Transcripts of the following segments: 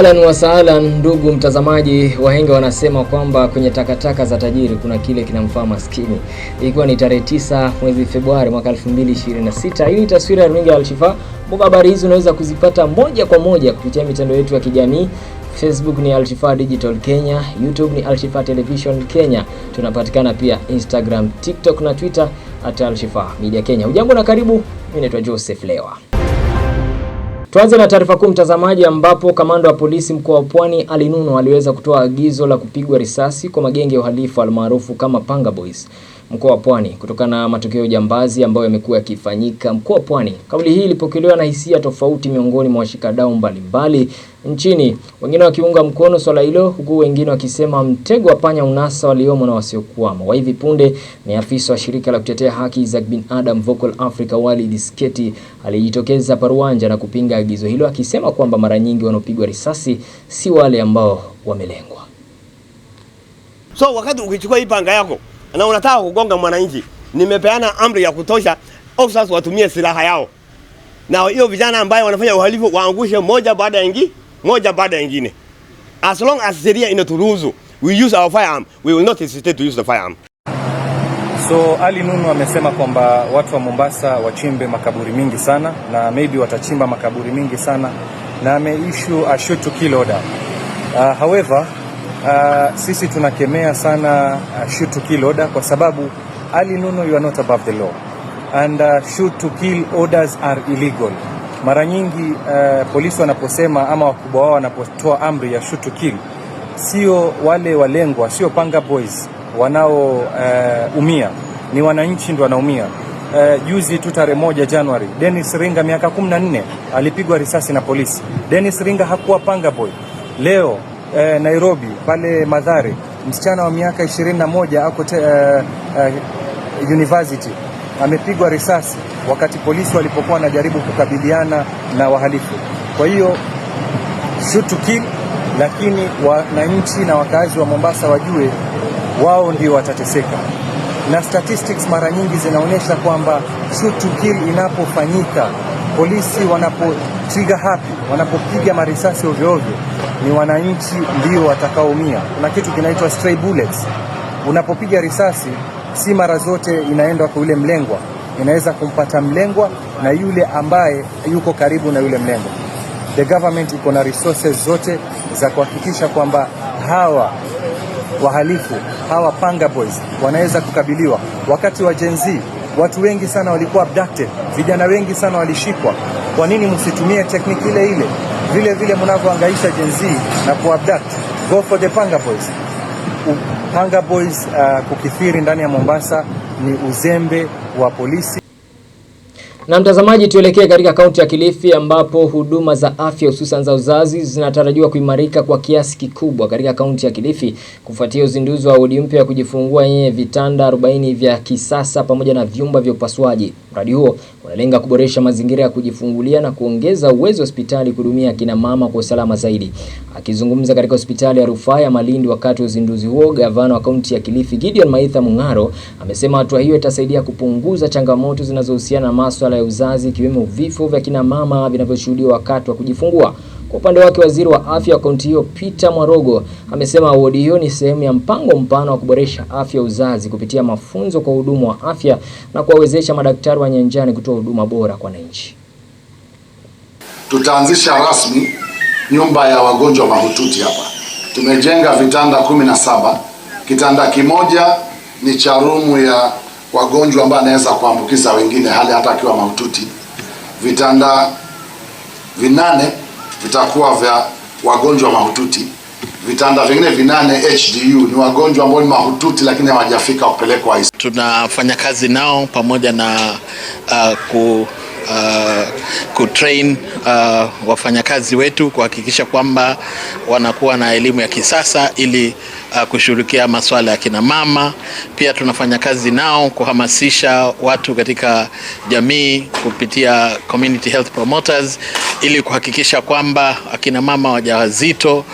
Ahlan wa sahlan, ndugu mtazamaji. Wahenga wanasema kwamba kwenye takataka za tajiri kuna kile kinamfaa maskini. Ilikuwa ni tarehe tisa mwezi Februari mwaka 2026, hii ni taswira ya runinga ya Alshifa. Mbona habari hizi unaweza kuzipata moja kwa moja kupitia mitandao yetu ya kijamii. Facebook ni Alshifa Digital Kenya, YouTube ni Alshifa Television Kenya, tunapatikana pia Instagram, TikTok na Twitter at Alshifa Media Kenya. Ujambo na karibu, mimi naitwa Joseph Lewa. Tuanze na taarifa kuu mtazamaji, ambapo kamanda wa polisi mkoa wa Pwani Ali Nuno aliweza kutoa agizo la kupigwa risasi kwa magenge ya uhalifu almaarufu kama Panga Boys mkoa wa Pwani kutokana na matukio jambazi ambayo yamekuwa yakifanyika mkoa wa Pwani. Kauli hii ilipokelewa na hisia tofauti miongoni mwa washikadau mbalimbali nchini, wengine wakiunga mkono swala hilo, huku wengine wakisema mtego wa panya unasa waliomo na wasiokuama Wa hivi punde ni afisa wa shirika la kutetea haki za binadamu Vocal Africa, Walid Sketi alijitokeza paruanja na kupinga agizo hilo, akisema kwamba mara nyingi wanaopigwa risasi si wale ambao wamelengwa. So wakati ukichukua hii panga yako na unataka kugonga mwananchi. Nimepeana amri ya kutosha, officers watumie silaha yao, na hiyo vijana ambayo wanafanya uhalifu waangushe moja baada ya ingi moja baada ya nyingine. As long as sheria inaturuhusu we use our firearm, we will not hesitate to use the firearm. So Ali Nunu amesema kwamba watu wa Mombasa wachimbe makaburi mingi sana na maybe watachimba makaburi mingi sana na ameissue a shoot to kill order. Uh, however Uh, sisi tunakemea sana uh, shoot to kill order kwa sababu Ali Nuno, you are not above the law and uh, shoot to kill orders are illegal. Mara nyingi uh, polisi wanaposema ama wakubwa wao wanapotoa amri ya shoot to kill, sio wale walengwa, sio panga boys wanaoumia, uh, ni wananchi ndio wanaumia. Uh, juzi uh, tu tarehe moja Januari, Dennis Ringa miaka 14 alipigwa risasi na polisi. Dennis Ringa hakuwa panga boy. Leo eh, Nairobi pale Madhare, msichana wa miaka 21 ako eh, eh, university amepigwa risasi wakati polisi walipokuwa wanajaribu kukabiliana na wahalifu. Kwa hiyo shoot to kill, lakini wananchi na wakazi wa Mombasa wajue wao ndio watateseka, na statistics mara nyingi zinaonyesha kwamba shoot to kill inapofanyika polisi wanapotriga hapi, wanapopiga marisasi ovyoovyo, ni wananchi ndio watakaoumia. Kuna kitu kinaitwa stray bullets. Unapopiga risasi, si mara zote inaenda kwa yule mlengwa, inaweza kumpata mlengwa na yule ambaye yuko karibu na yule mlengwa. The government iko na resources zote za kuhakikisha kwamba hawa wahalifu hawa panga boys wanaweza kukabiliwa. Wakati wa Gen Z Watu wengi sana walikuwa abducted, vijana wengi sana walishikwa. Kwa nini msitumie tekniki ile ile vile vile mnavyoangaisha Gen Z na kuabduct? Go for the panga boys. Panga boys uh, kukithiri ndani ya Mombasa ni uzembe wa polisi. Na mtazamaji, tuelekee katika kaunti ya Kilifi ambapo huduma za afya hususan za uzazi zinatarajiwa kuimarika kwa kiasi kikubwa katika kaunti ya Kilifi kufuatia uzinduzi wa wodi mpya ya kujifungua yenye vitanda 40 vya kisasa pamoja na vyumba vya upasuaji. Mradi huo unalenga kuboresha mazingira ya kujifungulia na kuongeza uwezo wa hospitali kuhudumia akina mama kwa usalama zaidi. Akizungumza katika hospitali ya rufaa ya Malindi wakati wa uzinduzi huo, gavana wa kaunti ya Kilifi Gideon Maitha Mung'aro amesema hatua hiyo itasaidia kupunguza changamoto zinazohusiana na masuala ya uzazi ikiwemo vifo vya kina mama vinavyoshuhudiwa wakati wa kujifungua. Kwa upande wake, waziri wa afya wa kaunti hiyo Peter Mwarogo amesema wodi hiyo ni sehemu ya mpango mpana wa kuboresha afya uzazi kupitia mafunzo kwa hudumu wa afya na kuwawezesha madaktari wa nyanjani kutoa huduma bora kwa wananchi. Tutaanzisha rasmi nyumba ya wagonjwa mahututi hapa. Tumejenga vitanda kumi na saba. Kitanda kimoja ni cha rumu ya wagonjwa ambao anaweza kuambukiza wengine hali hata akiwa mahututi. Vitanda vinane vitakuwa vya wagonjwa mahututi. Vitanda vingine vinane HDU ni wagonjwa ambao ni mahututi, lakini hawajafika kupelekwa ICU. Tunafanya kazi nao pamoja na uh, ku Uh, kutrain uh, wafanyakazi wetu kuhakikisha kwamba wanakuwa na elimu ya kisasa ili uh, kushughulikia masuala ya kina mama. Pia tunafanya kazi nao kuhamasisha watu katika jamii kupitia community health promoters ili kuhakikisha kwamba akina mama wajawazito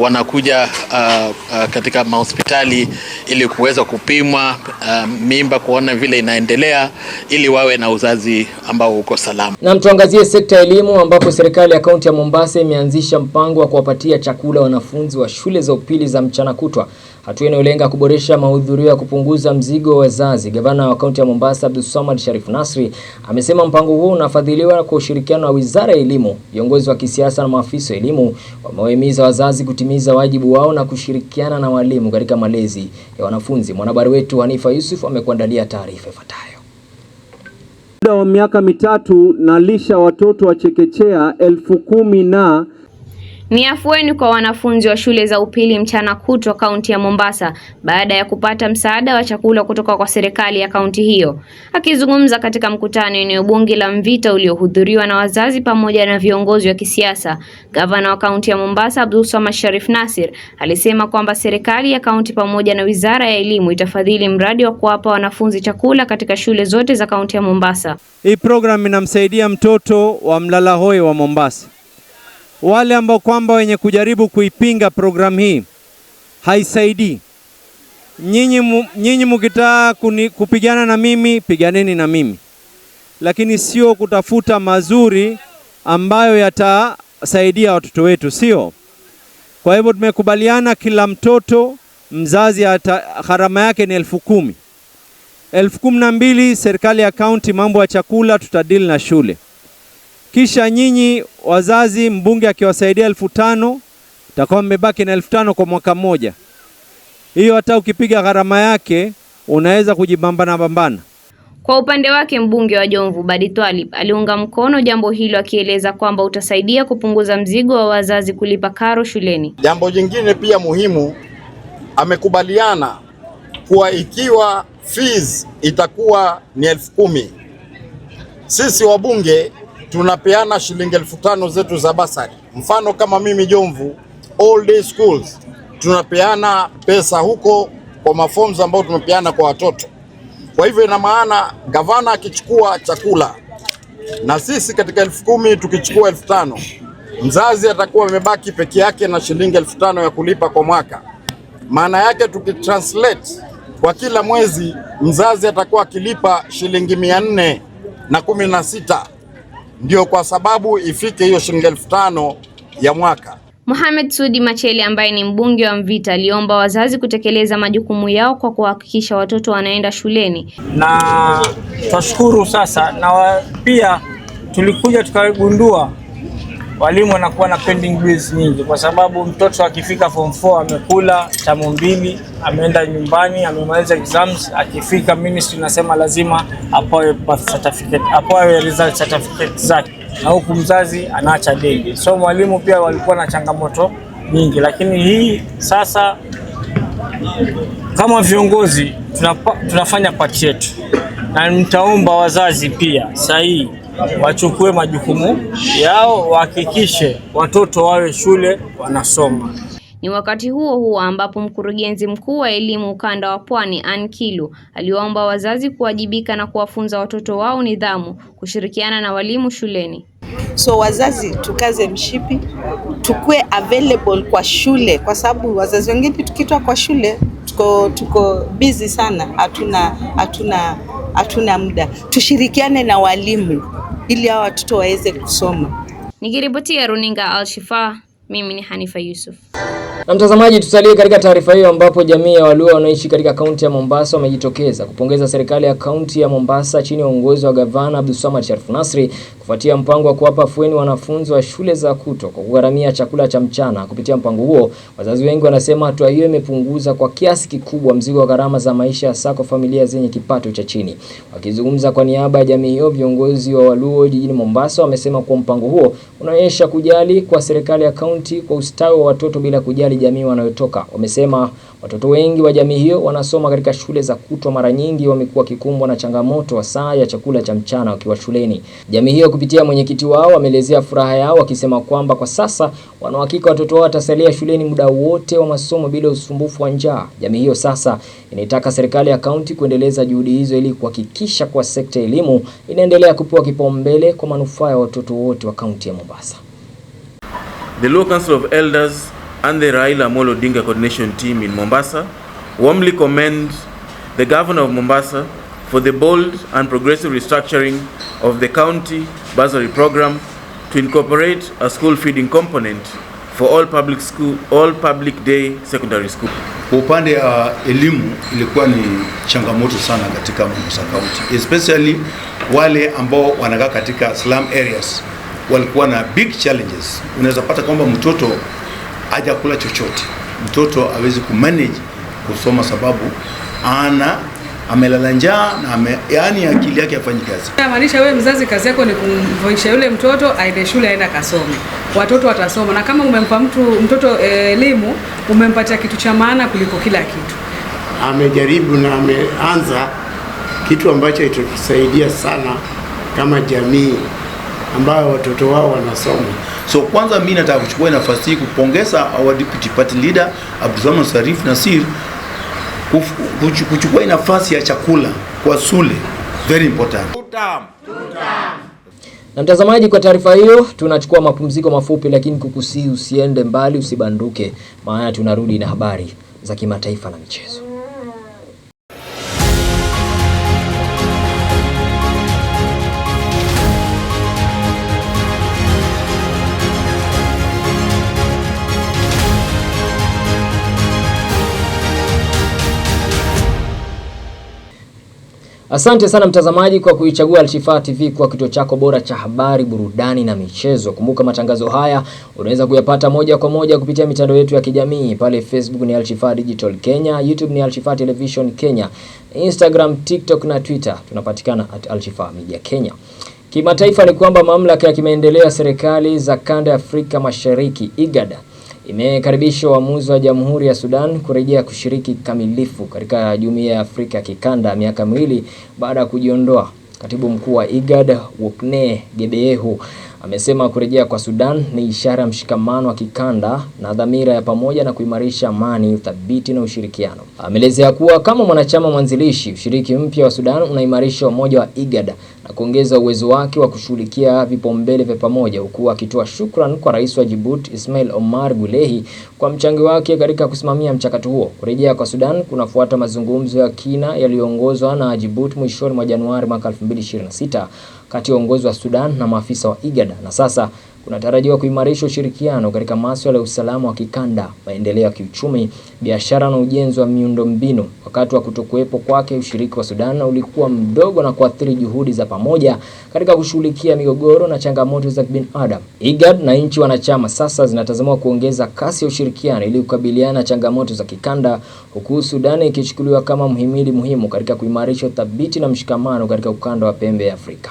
wanakuja uh, uh, katika mahospitali ili kuweza kupimwa uh, mimba kuona vile inaendelea ili wawe na uzazi ambao uko salama. Na mtuangazie sekta ya elimu ambapo serikali ya kaunti ya Mombasa imeanzisha mpango wa kuwapatia chakula wanafunzi wa shule za upili za mchana kutwa, hatua inayolenga kuboresha mahudhurio ya kupunguza mzigo wa wazazi. Gavana wa kaunti ya Mombasa Abdulsamad Sharif Nasri amesema mpango huo unafadhiliwa kwa ushirikiano wa Wizara ya Elimu. Viongozi wa kisiasa na maafisa wa elimu wamewahimiza wazazi kuti kutimiza wajibu wao na kushirikiana na walimu katika malezi ya wanafunzi. Mwanahabari wetu Hanifa Yusuf amekuandalia taarifa ifuatayo. Muda wa miaka mitatu na lisha watoto wa chekechea elfu kumi na ni afueni kwa wanafunzi wa shule za upili mchana kutwa kaunti ya Mombasa baada ya kupata msaada wa chakula kutoka kwa serikali ya kaunti hiyo. Akizungumza katika mkutano eneo bunge la Mvita uliohudhuriwa na wazazi pamoja na viongozi wa kisiasa, gavana wa kaunti ya Mombasa abdul Swamad Sharif nasir alisema kwamba serikali ya kaunti pamoja na wizara ya elimu itafadhili mradi wa kuwapa wanafunzi chakula katika shule zote za kaunti ya Mombasa. Hii program inamsaidia mtoto wa mlalahoi wa Mombasa wale ambao kwamba wenye kujaribu kuipinga programu hii haisaidii. Nyinyi nyinyi mkitaka kupigana na mimi, piganeni na mimi, lakini sio kutafuta mazuri ambayo yatasaidia watoto wetu, sio. Kwa hivyo tumekubaliana kila mtoto mzazi gharama yake ni elfu kumi elfu kumi na mbili serikali ya kaunti, mambo ya chakula tutadili na shule. Kisha nyinyi wazazi, mbunge akiwasaidia elfu tano takuwa mmebaki na elfu tano kwa mwaka mmoja. Hiyo hata ukipiga gharama yake unaweza kujibambana bambana. Kwa upande wake mbunge wa Jomvu Badi Twalib aliunga mkono jambo hilo akieleza kwamba utasaidia kupunguza mzigo wa wazazi kulipa karo shuleni. Jambo jingine pia muhimu, amekubaliana kuwa ikiwa fees itakuwa ni elfu kumi sisi wabunge tunapeana shilingi elfu tano zetu za basari. Mfano kama mimi Jomvu, all day schools tunapeana pesa huko kwa maforms ambayo tumepeana kwa watoto. Kwa hivyo ina maana gavana akichukua chakula na sisi katika elfu kumi tukichukua elfu tano mzazi atakuwa amebaki peke yake na shilingi elfu tano ya kulipa kwa mwaka. Maana yake tukitranslate kwa kila mwezi mzazi atakuwa akilipa shilingi mia nne na kumi na sita ndio kwa sababu ifike hiyo shilingi elfu tano ya mwaka. Mohamed Sudi Machele ambaye ni mbunge wa Mvita aliomba wazazi kutekeleza majukumu yao kwa kuhakikisha watoto wanaenda shuleni, na twashukuru sasa na pia tulikuja tukagundua walimu wanakuwa na pending bills nyingi, kwa sababu mtoto akifika form 4 amekula tamu mbili, ameenda nyumbani, amemaliza exams, akifika ministry nasema lazima apawe birth certificate, apoe result certificate zake, na huku mzazi anaacha deni. So mwalimu pia walikuwa na changamoto nyingi, lakini hii sasa kama viongozi tunapa, tunafanya pati yetu, na nitaomba wazazi pia sahihi wachukue majukumu yao, wahakikishe watoto wawe shule wanasoma. Ni wakati huo huo ambapo mkurugenzi mkuu wa elimu ukanda wa Pwani Ann Kilu aliwaomba wazazi kuwajibika na kuwafunza watoto wao nidhamu, kushirikiana na walimu shuleni. So wazazi tukaze mshipi, tukue available kwa shule, kwa sababu wazazi wengine tukitoa kwa shule tuko, tuko busy sana, hatuna hatuna hatuna muda. Tushirikiane na walimu ili hawa watoto waweze kusoma. Nikiripotia runinga Alshifa, mimi ni Hanifa Yusuf. Na mtazamaji, tusalie katika taarifa hiyo ambapo jamii ya Waluo wanaoishi katika kaunti ya Mombasa wamejitokeza kupongeza serikali ya kaunti ya Mombasa chini ya uongozi wa gavana Abdulswamad Sharif Nasri kufuatia mpango wa kuwapa fueni wanafunzi wa shule za kuto kwa kugharamia chakula cha mchana kupitia mpango huo. Wazazi wengi wanasema hatua hiyo imepunguza kwa kiasi kikubwa mzigo wa gharama za maisha, hasa kwa familia zenye kipato cha chini. Wakizungumza kwa niaba ya jamii hiyo, viongozi wa Waluo jijini Mombasa wamesema kuwa mpango huo unaonyesha kujali kwa serikali ya kaunti kwa ustawi wa watoto bila kujali jamii wanayotoka. Wamesema Watoto wengi wa jamii hiyo wanasoma katika shule za kutwa, mara nyingi wamekuwa wakikumbwa na changamoto hasa ya chakula cha mchana wakiwa shuleni. Jamii hiyo kupitia mwenyekiti wao wameelezea furaha yao wakisema kwamba kwa sasa wanahakika watoto wao watasalia shuleni muda wote wa masomo bila usumbufu wa njaa. Jamii hiyo sasa inaitaka serikali ya kaunti kuendeleza juhudi hizo ili kuhakikisha kuwa sekta ya elimu inaendelea kupewa kipaumbele kwa manufaa ya watoto wote wa kaunti ya Mombasa. The Local Council of Elders and the Raila Amolo Odinga coordination team in Mombasa warmly commend the governor of Mombasa for the bold and progressive restructuring of the county bursary program to incorporate a school feeding component for all public school, all public day secondary school. Kwa upande wa uh, elimu ilikuwa ni changamoto sana katika Mombasa County, especially wale ambao wanakaa katika slum areas walikuwa na big challenges. Unaweza pata kwamba mtoto hajakula chochote, mtoto awezi kumanage kusoma sababu ana amelala njaa na ame, yani akili yake afanyi kazi. Maanisha wewe mzazi, kazi yako ni kumvoisha yule mtoto aende shule, aenda kasome, watoto watasoma. Na kama umempa mtu mtoto eh, elimu, umempatia kitu cha maana kuliko kila kitu. Amejaribu na ameanza kitu ambacho itatusaidia sana kama jamii, ambayo watoto wao wanasoma. So kwanza mimi nataka kuchukua nafasi hii kupongeza our deputy party leader Abdulrahman Sharif Nasir kuchukua nafasi ya chakula kwa Sule, very important. Na mtazamaji, kwa taarifa hiyo tunachukua mapumziko mafupi, lakini kukusii usiende mbali, usibanduke, maana tunarudi na habari za kimataifa na michezo. Asante sana mtazamaji kwa kuichagua Alshifaa TV kwa kituo chako bora cha habari, burudani na michezo. Kumbuka matangazo haya unaweza kuyapata moja kwa moja kupitia mitandao yetu ya kijamii pale Facebook ni Alshifaa Digital Kenya, YouTube ni Alshifaa Television Kenya, Instagram, TikTok na Twitter tunapatikana at Alshifaa Media Kenya. Kimataifa ni kwamba mamlaka ya kimaendeleo ya serikali za kanda ya Afrika Mashariki IGAD imekaribisha uamuzi wa Jamhuri ya Sudan kurejea kushiriki kikamilifu katika Jumuiya ya Afrika ya Kikanda miaka miwili baada ya kujiondoa. Katibu mkuu wa IGAD Wokne Gebeyehu amesema kurejea kwa Sudan ni ishara ya mshikamano wa kikanda na dhamira ya pamoja na kuimarisha amani, uthabiti na ushirikiano. Ameelezea kuwa kama mwanachama mwanzilishi, ushiriki mpya wa Sudan unaimarisha umoja wa IGAD na kuongeza uwezo wake wa kushughulikia vipaumbele vya pamoja huku akitoa shukran kwa Rais wa Djibouti Ismail Omar gulehi kwa mchango wake katika kusimamia mchakato huo. Kurejea kwa Sudan kunafuata mazungumzo ya kina yaliyoongozwa na Djibouti mwishoni mwa Januari mwaka 2026 kati ya uongozi wa Sudan na maafisa wa IGAD na sasa kunatarajiwa kuimarisha ushirikiano katika masuala ya usalama wa kikanda, maendeleo ya kiuchumi, biashara na ujenzi wa miundombinu. Wakati wa kutokuwepo kwake, ushiriki wa Sudan ulikuwa mdogo na kuathiri juhudi za pamoja katika kushughulikia migogoro na changamoto za kibinadamu. IGAD na nchi wanachama sasa zinatazamwa kuongeza kasi ya ushirikiano ili kukabiliana na changamoto za kikanda, huku Sudan ikichukuliwa kama mhimili muhimu katika kuimarisha uthabiti na mshikamano katika ukanda wa pembe ya Afrika.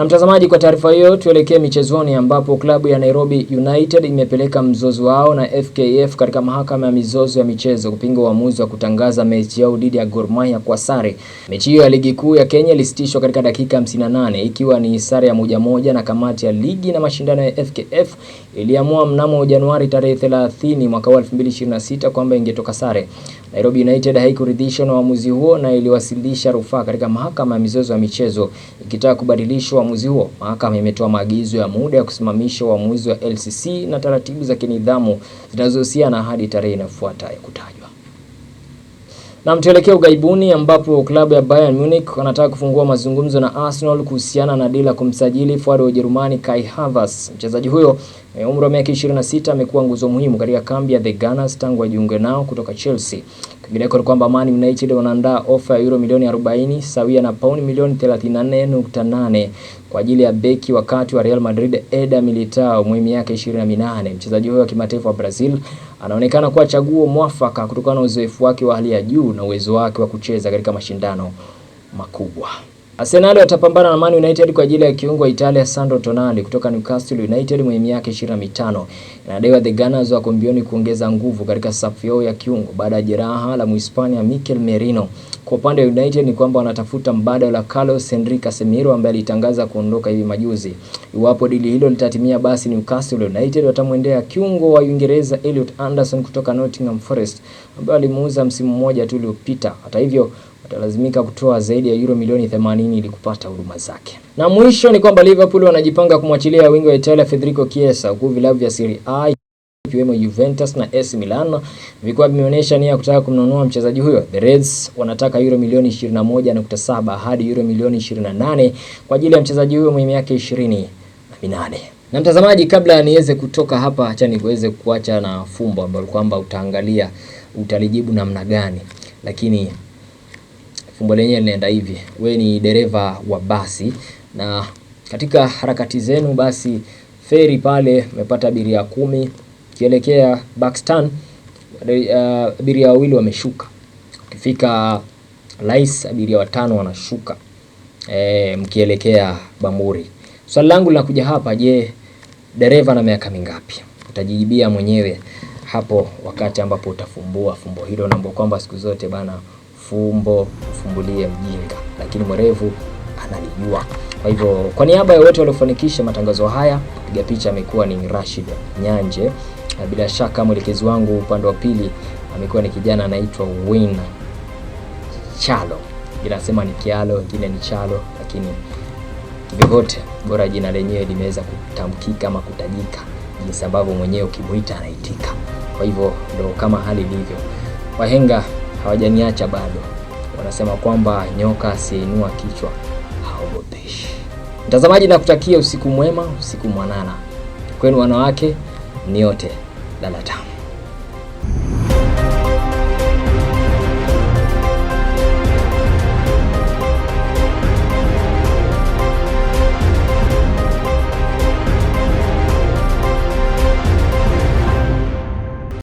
Na mtazamaji, kwa taarifa hiyo tuelekee michezoni ambapo klabu ya Nairobi United imepeleka mzozo wao na FKF katika mahakama ya mizozo ya michezo kupinga uamuzi wa kutangaza mechi yao dhidi ya Gor Mahia kwa sare. Mechi hiyo ya ligi kuu ya Kenya ilisitishwa katika dakika 58 ikiwa ni sare ya moja moja, na kamati ya ligi na mashindano ya FKF iliamua mnamo Januari tarehe 30 mwaka 2026 kwamba ingetoka sare. Nairobi United haikuridhishwa na uamuzi huo na iliwasilisha rufaa katika mahakama ya mizozo ya michezo ikitaka kubadilishwa uamuzi huo. Mahakama imetoa maagizo ya muda ya kusimamisha uamuzi wa LCC na taratibu za kinidhamu zinazohusiana hadi tarehe inayofuata ya kutajwa. Na mtuelekea ugaibuni ambapo klabu ya Bayern Munich wanataka kufungua mazungumzo na Arsenal kuhusiana na dila la kumsajili forward wa Ujerumani Kai Havertz. Mchezaji huyo mwenye eh, umri wa miaka 26 amekuwa nguzo muhimu katika kambi ya The Gunners tangu ajiunge nao kutoka Chelsea. Kwingineko ni kwamba Man United wanaandaa ofa ya euro milioni 40 sawia na pauni milioni 34.8 kwa ajili ya beki wakati wa Real Madrid Eder Militao mwenye miaka 28. Mchezaji huyo wa kimataifa wa Brazil anaonekana kuwa chaguo mwafaka kutokana na uzoefu wake wa hali ya juu na uwezo wake wa kucheza katika mashindano makubwa. Arsenal watapambana na Man United kwa ajili ya kiungo wa Italia Sandro Tonali kutoka Newcastle United mwenye miaka 25. Inadaiwa the Gunners wako mbioni kuongeza nguvu katika safu yao ya kiungo baada ya jeraha la Muhispania Mikel Merino kwa upande wa United ni kwamba wanatafuta mbadala wa Carlos Henrique Casemiro ambaye alitangaza kuondoka hivi majuzi. Iwapo dili hilo litatimia, basi Newcastle United watamwendea kiungo wa Uingereza Elliot Anderson kutoka Nottingham Forest ambaye alimuuza msimu mmoja tu uliopita. Hata hivyo watalazimika kutoa zaidi ya euro milioni 80 ili kupata huduma zake. Na mwisho ni kwamba Liverpool wanajipanga kumwachilia wingi wa Italia Federico Chiesa huku vilabu vya Serie A ikiwemo Juventus na AC Milan vilikuwa vimeonyesha nia ya kutaka kumnunua mchezaji huyo. The Reds wanataka euro milioni 21.7 hadi euro milioni 28 kwa ajili ya mchezaji huyo mwenye miaka 28. Na mtazamaji, kabla niweze kutoka hapa, acha niweze kuacha na fumbo ambalo kwamba utaangalia utalijibu namna gani, lakini fumbo lenyewe linaenda hivi: we ni dereva wa basi, na katika harakati zenu basi feri pale umepata abiria kumi Ukielekea Buxton uh, abiria wawili wameshuka. Ukifika Lais abiria watano wanashuka e, mkielekea Bamburi. Swali so, langu linakuja hapa, je, dereva na miaka mingapi? Utajijibia mwenyewe hapo wakati ambapo utafumbua fumbo hilo, na kwamba siku zote bana, fumbo ufumbulie mjinga, lakini mwerevu analijua. Kwa hivyo, kwa niaba ya wote waliofanikisha matangazo haya, piga picha amekuwa ni Rashid Nyanje na bila shaka mwelekezi wangu upande wa pili amekuwa ni kijana anaitwa Win Chalo, wengine anasema ni Kialo, wengine ni Chalo, lakini vyovyote bora jina lenyewe limeweza kutamkika ama kutajika jinsi ambavyo mwenyewe ukimuita anaitika. Kwa hivyo ndo kama hali ilivyo. Wahenga hawajaniacha bado, wanasema kwamba nyoka asiinua kichwa haogopeshi. Mtazamaji, nakutakia usiku mwema, usiku mwanana kwenu wanawake niote. 那么长。